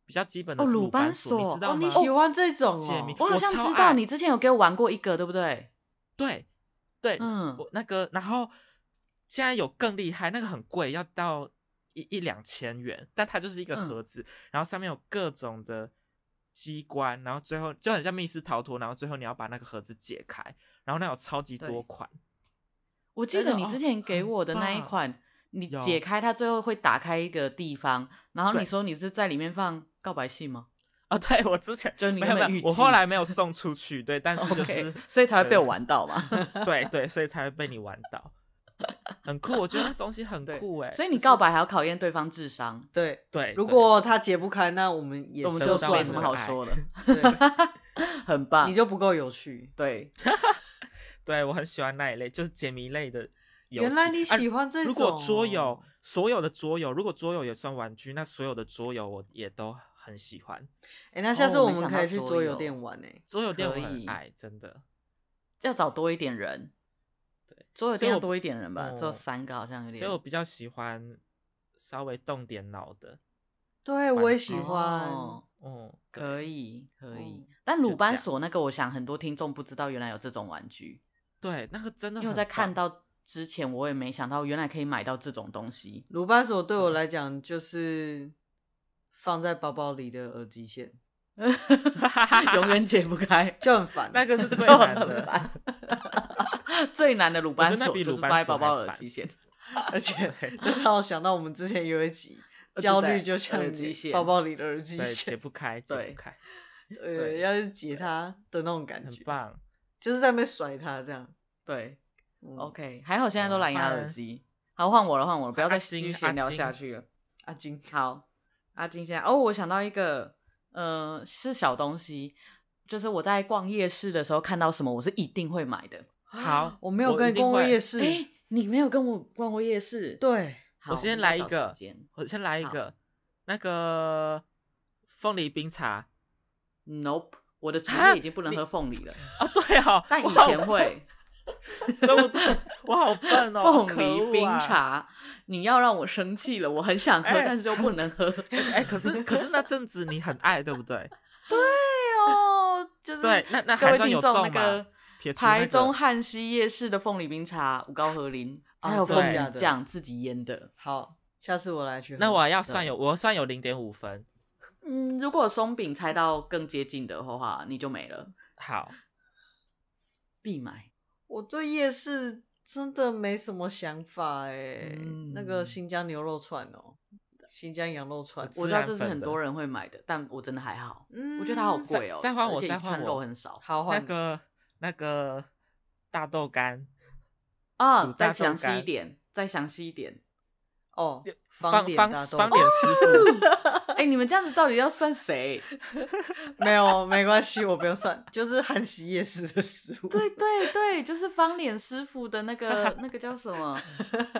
比較基本的是魯班鎖，oh, 你知道嗎？你喜歡這種解謎，我好像我知道，你之前有給我玩過一個，對不對？對，對，嗯，我那個，然後。現在有更厲害，那個很貴，要到一一兩千元，但它就是一個盒子，嗯，然後上面有各種的機關，然後最後就很像密室逃脫，然後最後你要把那個盒子解開，然後那有超級多款。我記得你之前給我的那一款，這個哦，你解開它最後會打開一個地方，然後你說你是在裡面放告白信嗎？對啊，對我之前就預，沒有沒有，我後來沒有送出去， 對，但是就是、Okay. 所以才會被我玩到嘛， 對對，所以才會被你玩到。很酷， 我覺得那東西很酷哎。所以你告白還要考驗對方智商？就是、對對，如果他解不開，那我們也說我們就沒什麼好說的。對 很棒，你就不夠有趣。對 對，我很喜歡那一類，就是解謎類的遊戲。原來你喜歡這種？啊、如果桌遊所有的桌遊，如果桌遊也算玩具，那所有的桌遊我也都很喜歡。哎、欸，那下次我們可以去桌遊店玩哎、哦。桌遊店很愛真的。要找多一點人。做有點多一點人吧，做、哦、三個好像有點。所以我比較喜歡稍微動點腦的。對，我也喜歡。哦，可以，可以。嗯、但魯班鎖那個，我想很多聽眾不知道，原來有這種玩具。對，那個真的很，因為在看到之前，我也沒想到原來可以買到這種東西。魯班鎖對我來講就是放在包包裡的耳機線， 永遠解不開， 就很煩。那個是最煩的。 最難的魯班鎖就是掰寶寶耳機線，而且大家要想到我們之前有一集焦慮就像耳機線，包包裡的耳機線解不開，解不開對對對對。對要是解它的那種感覺很棒，就是在那邊甩它這、就是、這樣，對、嗯、，OK，還好現在都藍牙耳機，好換我了，換我了，不要再繼續閒聊下去了。阿金，好，阿金現在哦，我想到一個，呃，是小東西，就是我在逛夜市的時候看到什麼，我是一定會買的。好，我沒有跟你逛過夜市。哎、欸，你沒有跟我逛過夜市？對好，我先來一個，我先來一個，那個鳳梨冰茶。Nope，我的職業已經不能喝鳳梨了啊、啊！對啊、哦，但以前會。 對不對？我好笨哦。鳳梨冰茶， 你要讓我生氣了。我很想喝、欸，但是又不能喝。哎、欸，可是可是那陣子你很愛，對不對？對哦，就是對，那那還算有重嘛。 那個、台中旱溪夜市的鳳梨冰茶，五高和林， 還有鳳梨醬自己醃的。好，下次我來去。那我，還要我要算有，我算有零點五分。嗯，如果鬆餅猜到更接近的話，你就沒了。好，必買。我對夜市真的沒什麼想法誒、嗯。那個新疆牛肉串哦、喔，新疆羊肉串我，我知道這是很多人會買的，但我真的還好。嗯，我覺得它好貴哦、喔。再換我，再換，而且串肉很少。好、那個，換那個大豆乾啊，乾再詳細一點，再詳細一點哦。方臉師傅，哎、哦 欸，你們這樣子到底要算誰？ 沒有，沒關係，我不用算， 就是漢溪夜市的食物。對對對，就是方臉師傅的那個 那個叫什麼？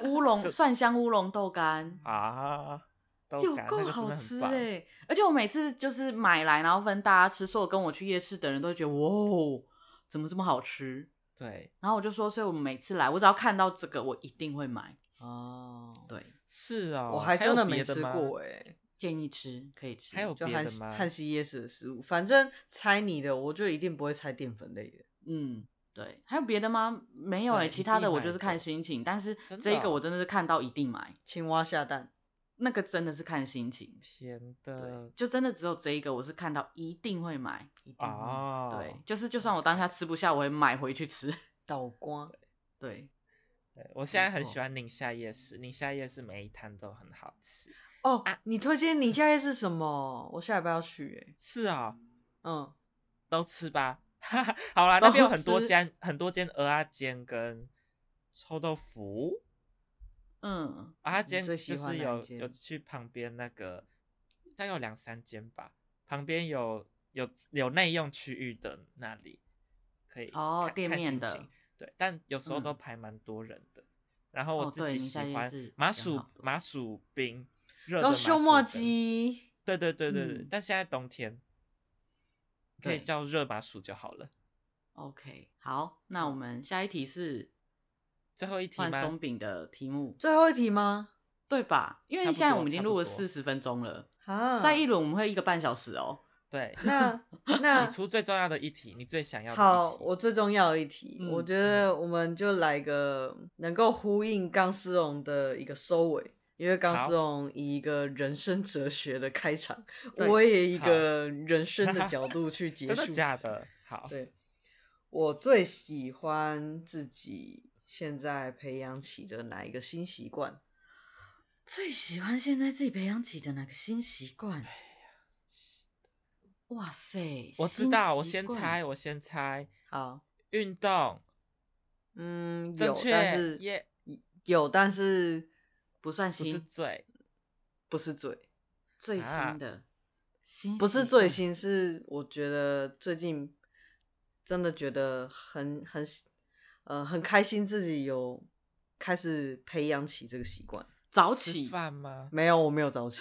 烏龍，蒜香烏龍豆干啊，豆乾，有夠好吃嘞、欸那個！而且我每次就是買來，然後分大家吃，所有跟我去夜市的人都會覺得哇哦。怎麼這麼好吃？對，然後我就說，所以我每次來，我只要看到這個，我一定會買。哦，對，是啊、哦，我還是真的沒吃過哎，建議吃，可以吃。還有別的嗎？漢西夜市的食物，反正猜你的，我就一定不會猜澱粉類的。嗯，對，還有別的嗎？沒有哎，其他的我就是看心情，一但是、哦、這個我真的是看到一定買。青蛙下蛋。那個真的是看心情，天的，對就真的只有這一個，我是看到一定會買，一定，oh, 對，就是就算我當下吃不下，我也買回去吃。倒、okay. 光， 對，我現在很喜歡寧夏夜市，寧、嗯、夏夜市每一攤都很好吃哦、oh, 啊，你推薦你下夜市什麼？ 我下禮拜要去、欸，哎，是啊、哦，嗯，都吃吧， 好啦，那邊有很多間，很多間蚵仔煎跟臭豆腐。嗯，啊，今天就是有有去旁邊那個，大概有兩三間吧，旁邊有有有內用區域的那裡可以看哦，店面的行行對，但有時候都排蠻多人的。嗯、然後我自己喜歡麻薯麻薯冰，熱冰，後修磨雞，對對對對對、嗯，但現在冬天可以叫熱麻薯就好了。OK，好，那我們下一題是。最後一題換鬆餅的題目，最後一題嗎？對吧？因為現在我們已經錄了四十分鐘了啊，再一輪我們會一個半小時哦、喔。對， 那那你出最重要的一題，你最想要的一題？好，我最重要的一題，嗯、我覺得我們就來一個能夠呼應剛思榮的一個收尾，嗯、因為剛思榮以一個人生哲學的開場， 我也一個人生的角度去結束。 真的假的？好，對我最喜歡自己現在培養起的哪一個新習慣？最喜歡現在自己培養起的哪個新習慣？哇塞！我知道，我先猜，我先猜。好，運動。嗯，正確耶。有，但是 yeah. 有，但是不算新。不是最，不是最最新的。啊？不是最新，新，是我覺得最近真的覺得很很。呃，很開心自己有開始培養起這個習慣，早起吃飯嗎？沒有，我沒有早起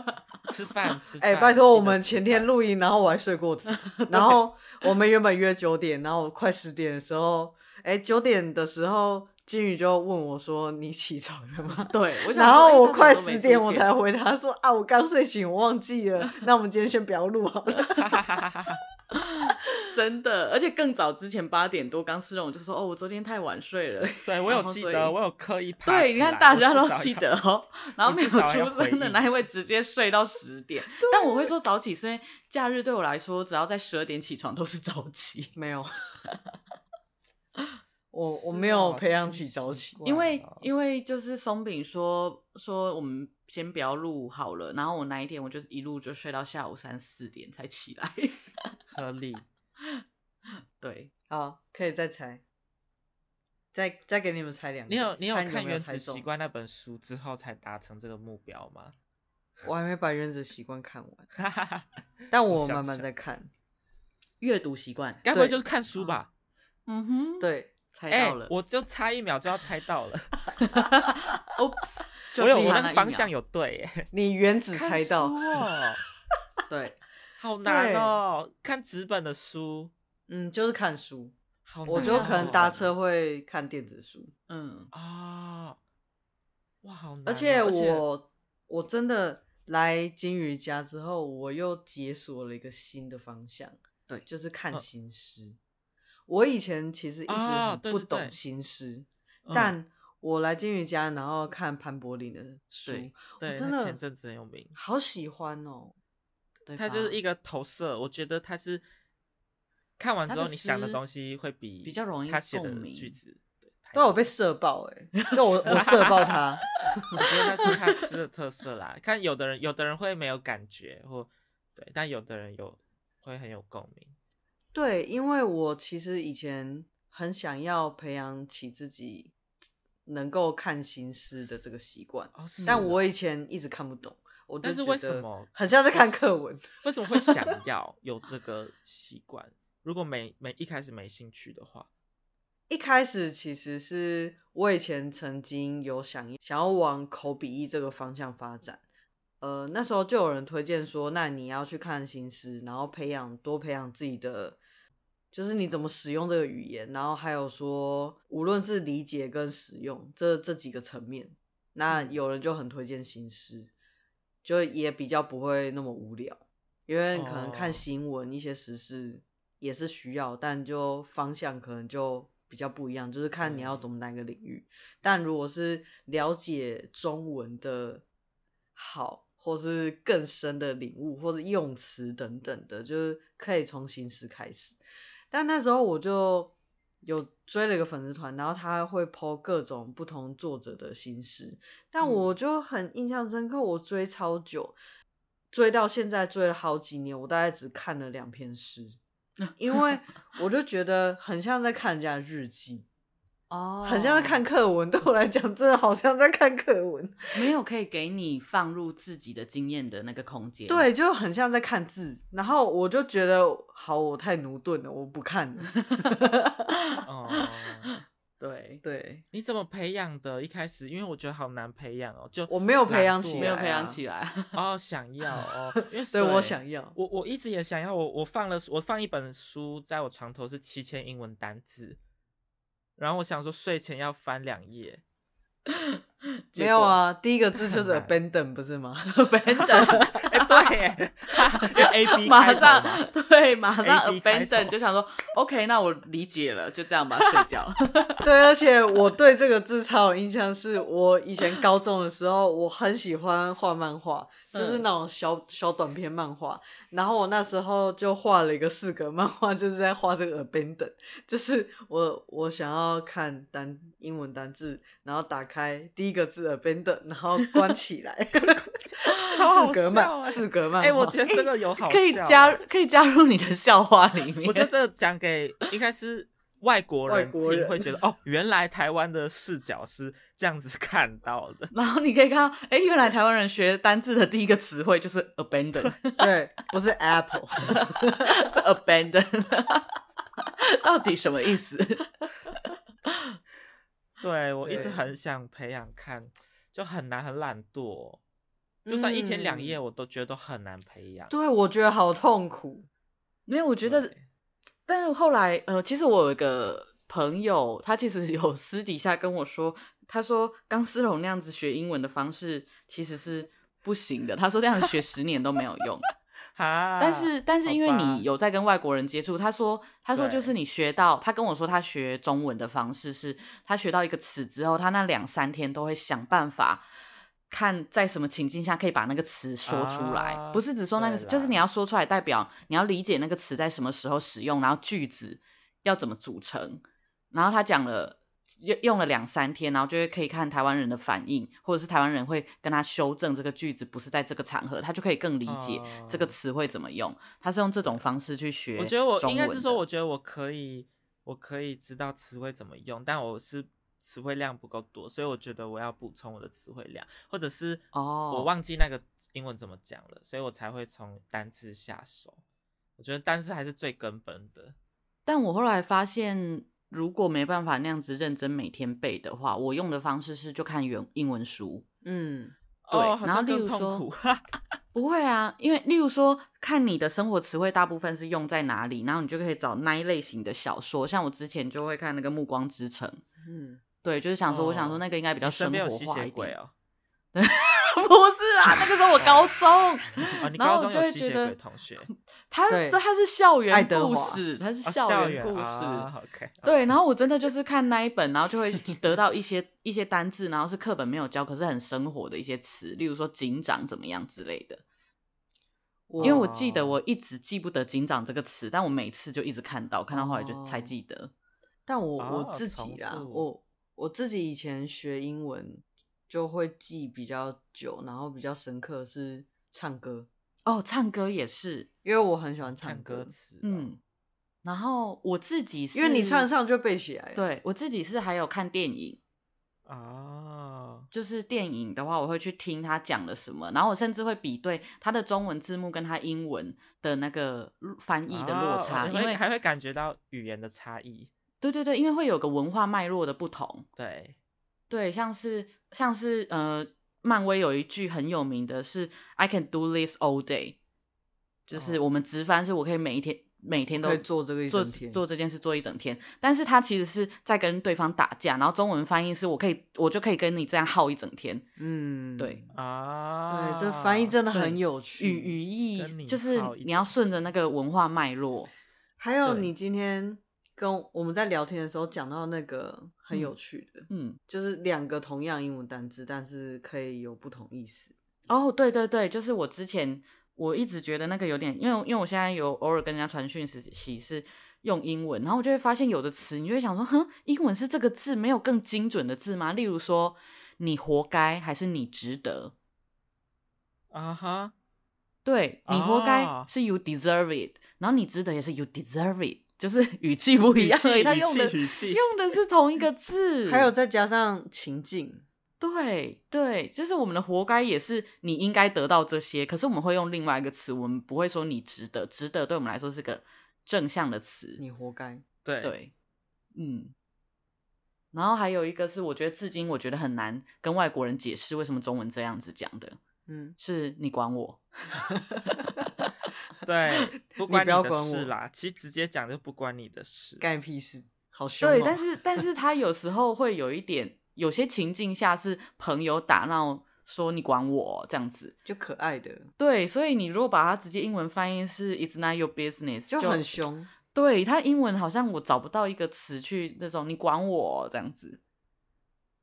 吃飯。哎、欸，拜託，我們前天錄音，然後我還睡過，然後我們原本約九點，然後快十點的時候，哎、 欸，九點的時候金宇就問我說：“你起床了嗎？” 對，然後我快十點我才回答說：“ 啊，我剛睡醒，我忘記了。”那我們今天先不要錄好了。 真的，而且更早之前八點多剛四人我就說哦，我昨天太晚睡了。對，我有記得，我有刻意爬起來。對，你看大家都記得哦。然後沒有出生的那一位直接睡到十點？ 但我會說早起，是因為假日對我來說，只要在十二點起床都是早起。沒有。 我、哦、我沒有培養起早起，因為因為就是鬆餅說說我們先不要錄好了，然後我哪一天我就一錄就睡到下午三四點才起來， 合理。對，好，可以再猜，再再給你們猜兩個。你有你有看你有沒有猜中，《原子習慣》那本書之後才達成這個目標嗎？ 我還沒把《原子習慣》看完， 但我慢慢在看。閱讀習慣該不會就是看書吧？啊？嗯哼，對。猜到了、欸，我就差一秒就要猜到了。 Oops，我有我那個方向有對耶，你原子猜到對，好難哦。看紙本的書，嗯，就是看書，好難、哦。我就可能搭車會看電子書，嗯啊、哦，哇，好難、哦。而且我而且我真的來金魚家之後，我又解鎖了一個新的方向，對，就是看新詩。嗯我以前其實一直不懂新詩，哦，但我來金魚家，嗯、然後看潘柏林的書，對，對哦、真的前陣子很有名，好喜歡哦對。他就是一個投射，我覺得他是看完之後你想的東西會比比較容易他寫的句子。那我被射爆哎、欸！那我 我射爆他。 我覺得那是他詩的特色啦。看有的人有的人會沒有感覺或對，但有的人有會很有共鳴。對，因為我其實以前很想要培養起自己能夠看新詩的這個習慣，哦啊，但我以前一直看不懂。我是但是為什麼很像在看課文？ 為什麼會想要有這個習慣？如果沒沒一開始沒興趣的話，一開始其實是我以前曾經有想想要往口筆譯這個方向發展。呃，那時候就有人推薦說，那你要去看新詩，然後培養多培養自己的。就是你怎麼使用這個語言，然後還有說，無論是理解跟使用這這幾個層面，那有人就很推薦新詩，就也比較不會那麼無聊，因為可能看新聞一些時事也是需要、哦，但就方向可能就比較不一樣，就是看你要走哪個領域、嗯。但如果是了解中文的好，或是更深的領悟，或是用詞等等的，就是可以從新詩開始。但那時候我就有追了一個粉絲團，然後他會 po 各種不同作者的新詩，但我就很印象深刻，我追超久、嗯，追到現在追了好幾年，我大概只看了兩篇詩，因為我就覺得很像在看人家的日記。哦、oh,，很像在看課文，對我來講，真的好像在看課文，沒有可以給你放入自己的經驗的那個空間。 對，就很像在看字，然後我就覺得，好，我太駑鈍了，我不看了。哦、 oh, 對對，你怎麼培養的？一開始，因為我覺得好難培養哦、喔，就我沒有培養起來、啊，沒有培養起來。哦、 oh,，想要哦、喔，因為對我想要，我我一直也想要，我我放了，我放一本書在我床頭，是七千英文單字然後我想說，睡前要翻兩頁。 沒有啊，第一個字就是 abandon 不是嗎？abandon 哎、、 欸、對 ，a b 馬上對，馬上 abandon AB 開頭就想說，ok，那我理解了，就這樣吧，睡覺。 對，而且我對這個字超有印象，是我以前高中的時候，我很喜歡畫漫畫， 就是那種小小短篇漫畫、嗯。然後我那時候就畫了一個四格漫畫，就是在畫這個 abandon，就是我我想要看單英文單字，然後打開第。一個字 abandon，然後關起來，四格嘛，四格嘛。哎、欸，我覺得這個有好、欸欸，可以加，可以加入你的笑話裡面。我覺得這個講給應該是外國人聽，會覺得外國人哦，原來台灣的視角是這樣子看到的。然後你可以看到，哎、欸，原來台灣人學單字的第一個詞彙就是 abandon，對， 不是 apple， 是 abandon， 到底什麼意思？對，我一直很想培養，看就很難，很懶惰，哦。就算一天兩夜，我都覺得都很難培養。嗯、對，我覺得好痛苦，沒有，我覺得。但是後來，呃，其實我有一個朋友，他其實有私底下跟我說，他說剛絲絨那樣子學英文的方式其實是不行的。他說這樣子學十年都沒有用。 但是但是，但是因為你有在跟外國人接觸他說他說就是你學到，他跟我說他學中文的方式是，他學到一個詞之後，他那兩三天都會想辦法看在什麼情境下可以把那個詞說出來，啊、不是只說那個，就是你要說出來，代表你要理解那個詞在什麼時候使用，然後句子要怎麼組成，然後他講了。用用了兩三天，然後就會可以看台灣人的反應，或者是台灣人會跟他修正這個句子，不是在這個場合，他就可以更理解這個詞彙怎麼用。哦，他是用這種方式去學。我覺得我應該是說，我覺得我可以，我可以知道詞彙怎麼用，但我是詞彙量不夠多，所以我覺得我要補充我的詞彙量，或者是哦，我忘記那個英文怎麼講了，所以我才會從單字下手。我覺得單字還是最根本的，但我後來發現。如果沒辦法那樣子認真每天背的話，我用的方式是就看原英文書。嗯，對。哦、然後例如說，好像很痛苦。 不會啊，因為例如說，看你的生活詞彙大部分是用在哪裡，然後你就可以找那一類型的小說。像我之前就會看那個《暮光之城》。嗯，對，就是想說、哦，我想說那個應該比較生活化一點。可是沒有吸血鬼哦。 不是啊，那個時候我高中，哦，然後我就會覺得、哦、同學，他是這他是校園的故事，愛德華、他是校園故事，是校園故事哦、校園對、哦，然後我真的就是看那一本，哦、然後就會得到一些、嗯、一些單字，然後是課本沒有教， 可是很生活的一些詞，例如說警長怎麼樣之類的。因為我記得我一直記不得警長這個詞，但我每次就一直看到，看到後來就才記得。但我、哦、我自己啊，我我自己以前學英文。就會記比較久，然後比較深刻是唱歌哦，唱歌也是，因為我很喜歡唱歌，唱歌詞嗯，然後我自己是因為你唱得上就背起來，對。我自己是還有看電影哦，就是電影的話，我會去聽他講了什麼，然後我甚至會比對他的中文字幕跟他英文的那個翻譯的落差，哦、因為還會感覺到語言的差異，對對對，因為會有個文化脈絡的不同，對。對，像是像是呃，漫威有一句很有名的是 "I can do this all day"，就是我們直翻，是我可以每一天，哦，每一天都做，做這個做做這件事做一整天，但是它其實是在跟對方打架，然後中文翻譯是我可以我就可以跟你這樣耗一整天，嗯，對啊，對，這翻譯真的很有趣，語語義就是你要順着那個文化脈絡，還有你今天。跟我們在聊天的時候講到那個很有趣的，嗯，嗯，就是兩個同樣英文單字，但是可以有不同意思。哦，Oh，對對對，就是我之前我一直覺得那個有點，因為因為我現在有偶爾跟人家傳訊息是用英文，然後我就會發現有的詞，你就會想說，哼，英文是這個字，沒有更精準的字嗎？例如說，你活該還是你值得？啊哈，Uh-huh. 對，你活該是 you deserve it，Uh-huh. 然後你值得也是 you deserve it。就是語氣不一樣，所以他用的用的是同一個字，還有再加上情境，對對，就是我們的活該也是你應該得到這些，可是我們會用另外一個詞，我們不會說你值得，值得對我們來說是個正向的詞，你活該，對，對，嗯，然後還有一個是，我覺得至今我覺得很難跟外國人解釋為什麼中文這樣子講的，嗯，是你管我。 對，不關你的事啦。其實直接講就不關你的事，幹屁事？好凶。對，但是但是他有時候會有一點，有些情境下是朋友打鬧，說你管我這樣子，就可愛的。對，所以你如果把它直接英文翻譯是 "It's not your business"，就，就很凶。對，他英文好像我找不到一個詞去那種你管我這樣子。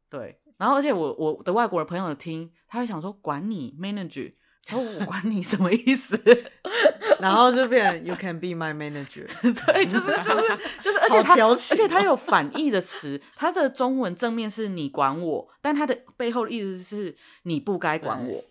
對，然後而且我我的外國的朋友聽，他會想說管你，manager。Manage，我管你什麼意思？ 然後就變成 ，You can be my manager。 對，就是就是就是，而且他而且他有反義的詞，他的中文正面是你管我，但他的背後的意思是你不該管我。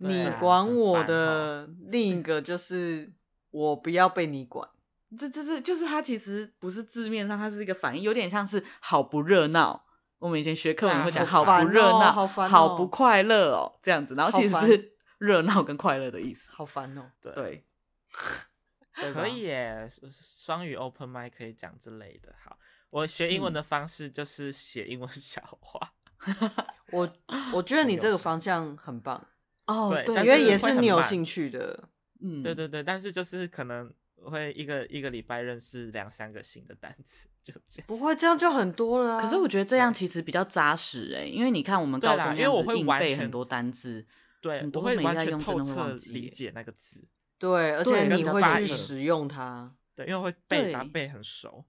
你管我的另一個就是我不要被你管。啊哦、這就是就是他其實不是字面上，他是一個反義，有點像是好不熱鬧。我們以前學課文會講好不熱鬧，啊好，哦好，哦、好不快樂哦，哦，這樣子。然後其實熱鬧跟快樂的意思，好煩哦、喔。對，可以，耶，雙 語 open mic 可以講之類的。好，我學英文的方式就是寫英文笑話。嗯、 我我覺得你這個方向很棒哦，對，因為也是，是你有興趣的。嗯，對對對，但是就是可能會一個一個禮拜認識兩三個新的單詞，就這樣。不會，這樣就很多了、啊。可是我覺得這樣其實比較扎實哎、欸，因為你看我們高中沒有會背很多單詞。對，你不會完全透徹理解那個字。對，而且你會去使用它。對，因為會背，對背很熟。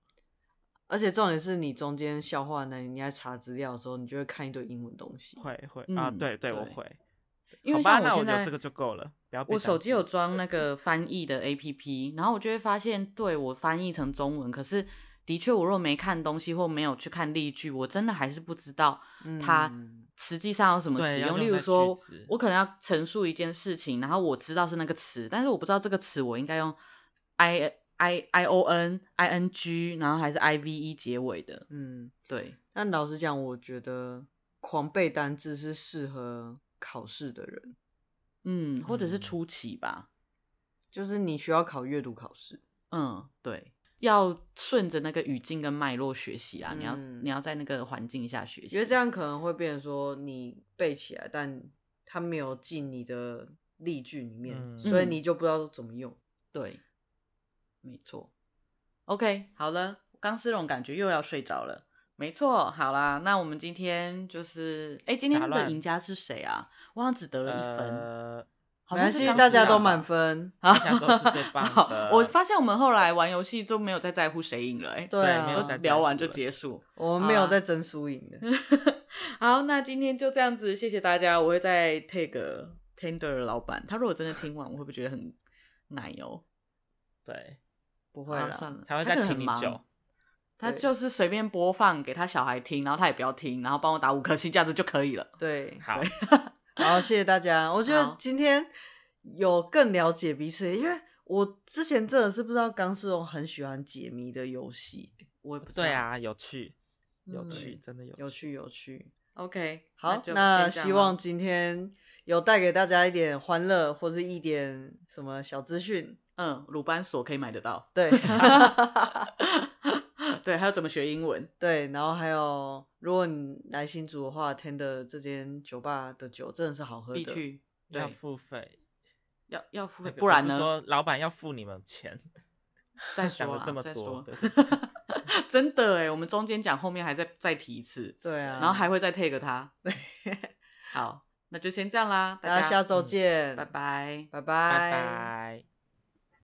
而且重點是你中間消化那，你在查資料的時候，你就會看一堆英文東西。會會啊，對、嗯、對，我會。好吧，那我覺得這個就夠了。我手機有裝那個翻譯的 APP，然後我就會發現，對我翻譯成中文，可是的確，我若沒看東西或沒有去看例句，我真的還是不知道它、嗯。實際上有什麼使用，用？例如說，我可能要陳述一件事情，然後我知道是那個詞，但是我不知道這個詞我應該用 i i i o n i n g，然後還是 i v e 結尾的。嗯，對。但老實講，我覺得狂背單字是適合考試的人，嗯，或者是初期吧，嗯、就是你需要考閱讀考試。嗯，對。要順着那個語境跟脈絡學習啊、嗯，你要你要在那個環境下學習，因為這樣可能會變成說你背起來，但它沒有進你的例句裡面、嗯，所以你就不知道怎麼用。嗯、對，沒錯。OK，好了，剛剛這種感覺又要睡着了。沒錯，好啦，那我們今天就是，哎、欸，今天你的贏家是誰啊？我好像只得了一分。呃好像是剛剛知知，謝謝大家都滿分。好，大家、啊、都是最棒的。我發現我們後來玩遊戲都沒有再在,在乎誰贏了、欸，哎，對，都聊完就結束，啊、我們沒有在爭輸贏的。啊、 好，那今天就這樣子，謝謝大家。我會再 take Tender 老板，他如果真的聽完，我會不會覺得很奶油？對，不會了、啊，算了。他會再請你酒。他,他就是隨便播放給他小孩聽，然後他也不要聽，然後幫我打五顆星，這樣子就可以了。對，對好。 好，謝謝大家。我覺得今天有更了解彼此，因為我之前真的是不知道剛是那種很喜歡解謎的遊戲。我，也不知道，對啊，有趣，嗯、有趣，真的有趣，有趣，有趣。OK，好，那，那希望今天有帶給大家一點歡樂，或是一點什麼小資訊。嗯，魯班鎖可以買得到。對。 對，還要怎麼學英文？ 對，然後還有，如果你來新竹的話，添的這間酒吧的酒真的是好喝的，必須要付費，要要付費，那個，不然呢？老板要付你們錢。 再說、啊、這麼多，啊、對對對 真的哎，我們中間講，後面還再再提一次。對啊，然後還會再 take 他。 好，那就先這樣啦，大家下周見，拜、嗯、拜，拜拜，拜拜。Bye bye